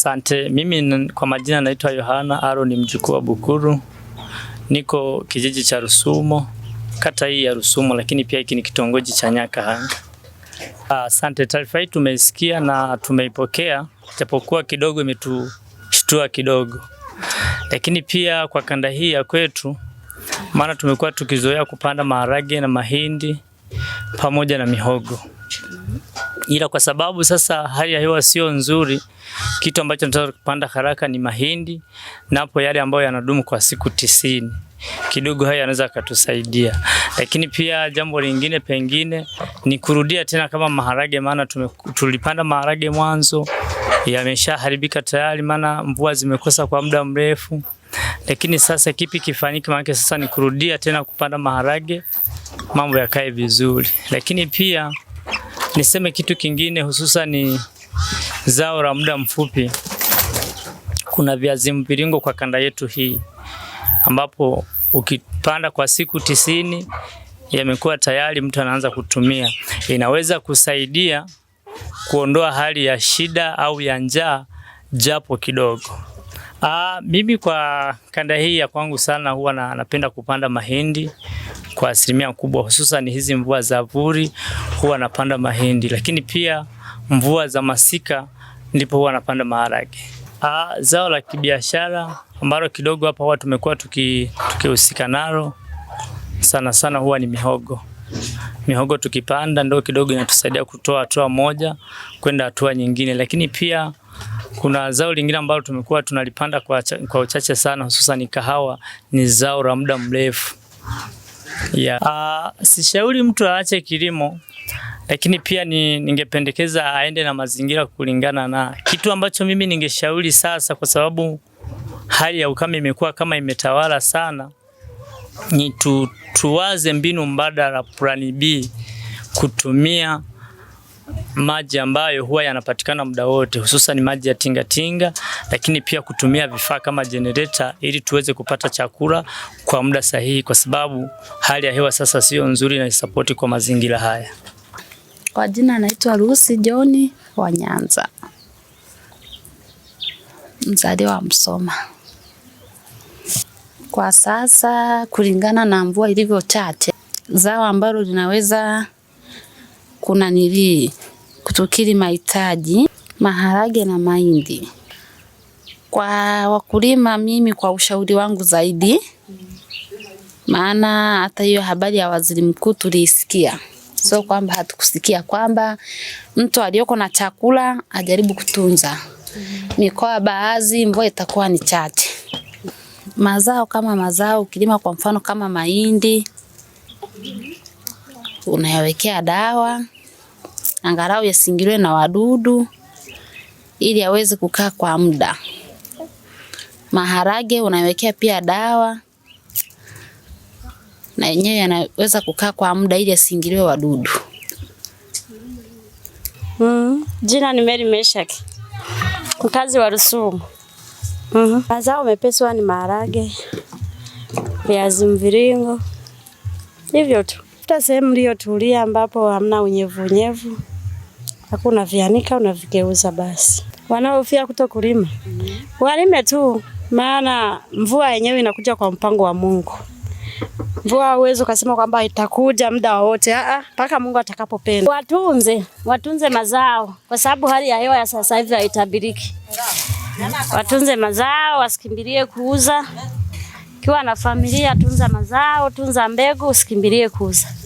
Asante. Mimi kwa majina naitwa Yohana aro ni mjukuu wa Bukuru, niko kijiji cha Rusumo, kata hii ya Rusumo, lakini pia hiki ni kitongoji cha Nyakahanga. Asante. Taarifa hii tumeisikia na tumeipokea, japokuwa kidogo imetushtua kidogo, lakini pia kwa kanda hii ya kwetu, maana tumekuwa tukizoea kupanda maharage na mahindi pamoja na mihogo ila kwa sababu sasa hali ya hewa sio nzuri, kitu ambacho tunataka kupanda haraka ni mahindi, napo yale ambayo yanadumu kwa siku tisini kidogo haya yanaweza akatusaidia, lakini pia jambo lingine pengine ni kurudia tena kama maharage, maana tulipanda maharage mwanzo yameshaharibika tayari, maana mvua zimekosa kwa muda mrefu. Lakini sasa kipi kifanyike? Maana sasa ni kurudia tena kupanda maharage, mambo yakae vizuri, lakini pia Niseme kitu kingine, hususan zao la muda mfupi, kuna viazi mviringo kwa kanda yetu hii, ambapo ukipanda kwa siku tisini yamekuwa tayari mtu anaanza kutumia. Inaweza kusaidia kuondoa hali ya shida au ya njaa japo kidogo. Aa, mimi kwa kanda hii ya kwangu sana huwa na, napenda kupanda mahindi kwa asilimia kubwa, hususan hizi mvua za vuli huwa napanda mahindi, lakini pia mvua za masika ndipo huwa napanda maharage. Ah, zao la kibiashara ambalo kidogo hapa huwa tumekuwa tukihusika tuki nalo sana sana huwa ni mihogo. Mihogo tukipanda ndio kidogo inatusaidia kutoa hatua moja kwenda hatua nyingine, lakini pia kuna zao lingine ambalo tumekuwa tunalipanda kwa, kwa uchache sana, hususan kahawa. Ni zao la muda mrefu Yeah. Uh, sishauri mtu aache kilimo lakini pia ni, ningependekeza aende na mazingira kulingana na kitu ambacho mimi ningeshauri sasa, kwa sababu hali ya ukame imekuwa kama imetawala sana, ni tu, tuwaze mbinu mbadala, plan B, kutumia maji ambayo huwa yanapatikana muda wote, hususan maji ya tingatinga tinga, lakini pia kutumia vifaa kama generator ili tuweze kupata chakula kwa muda sahihi, kwa sababu hali ya hewa sasa sio nzuri na isapoti kwa mazingira haya. Kwa jina anaitwa Lucy John wa Nyanza, mzaliwa wa Msoma. Kwa sasa kulingana na mvua ilivyo chache, zao ambalo linaweza kuna nilii kutukili mahitaji, maharage na mahindi. Kwa wakulima, mimi kwa ushauri wangu zaidi, maana hata hiyo habari ya waziri mkuu tuliisikia, sio kwamba hatukusikia, kwamba mtu aliyoko na chakula ajaribu kutunza. Mikoa baadhi mvua itakuwa ni chache. Mazao kama mazao, ukilima kwa mfano kama mahindi unayawekea dawa angalau yasingiliwe na wadudu ili aweze kukaa kwa muda. Maharage unawekea pia dawa na yenyewe yanaweza kukaa kwa muda ili asingiliwe wadudu. Mm. Jina ni Mary Meshaki, mkazi wa Rusumo. Mm-hmm. Mazao mepesi ni maharage, viazi mviringo, hivyo tu. Tuta sehemu iliyotulia ambapo hamna unyevunyevu hakuna, vianika, unavigeuza basi. Wanaofia kuto kulima walime tu, maana mvua yenyewe inakuja kwa mpango wa Mungu. Mvua uwezo kasema kwamba itakuja muda wote, a mpaka Mungu atakapopenda. Watunze, watunze mazao kwa sababu hali ya hewa ya sasa hivi haitabiriki. Watunze mazao, wasikimbilie kuuza. Kiwa na familia, tunza mazao, tunza mbegu, usikimbilie kuuza.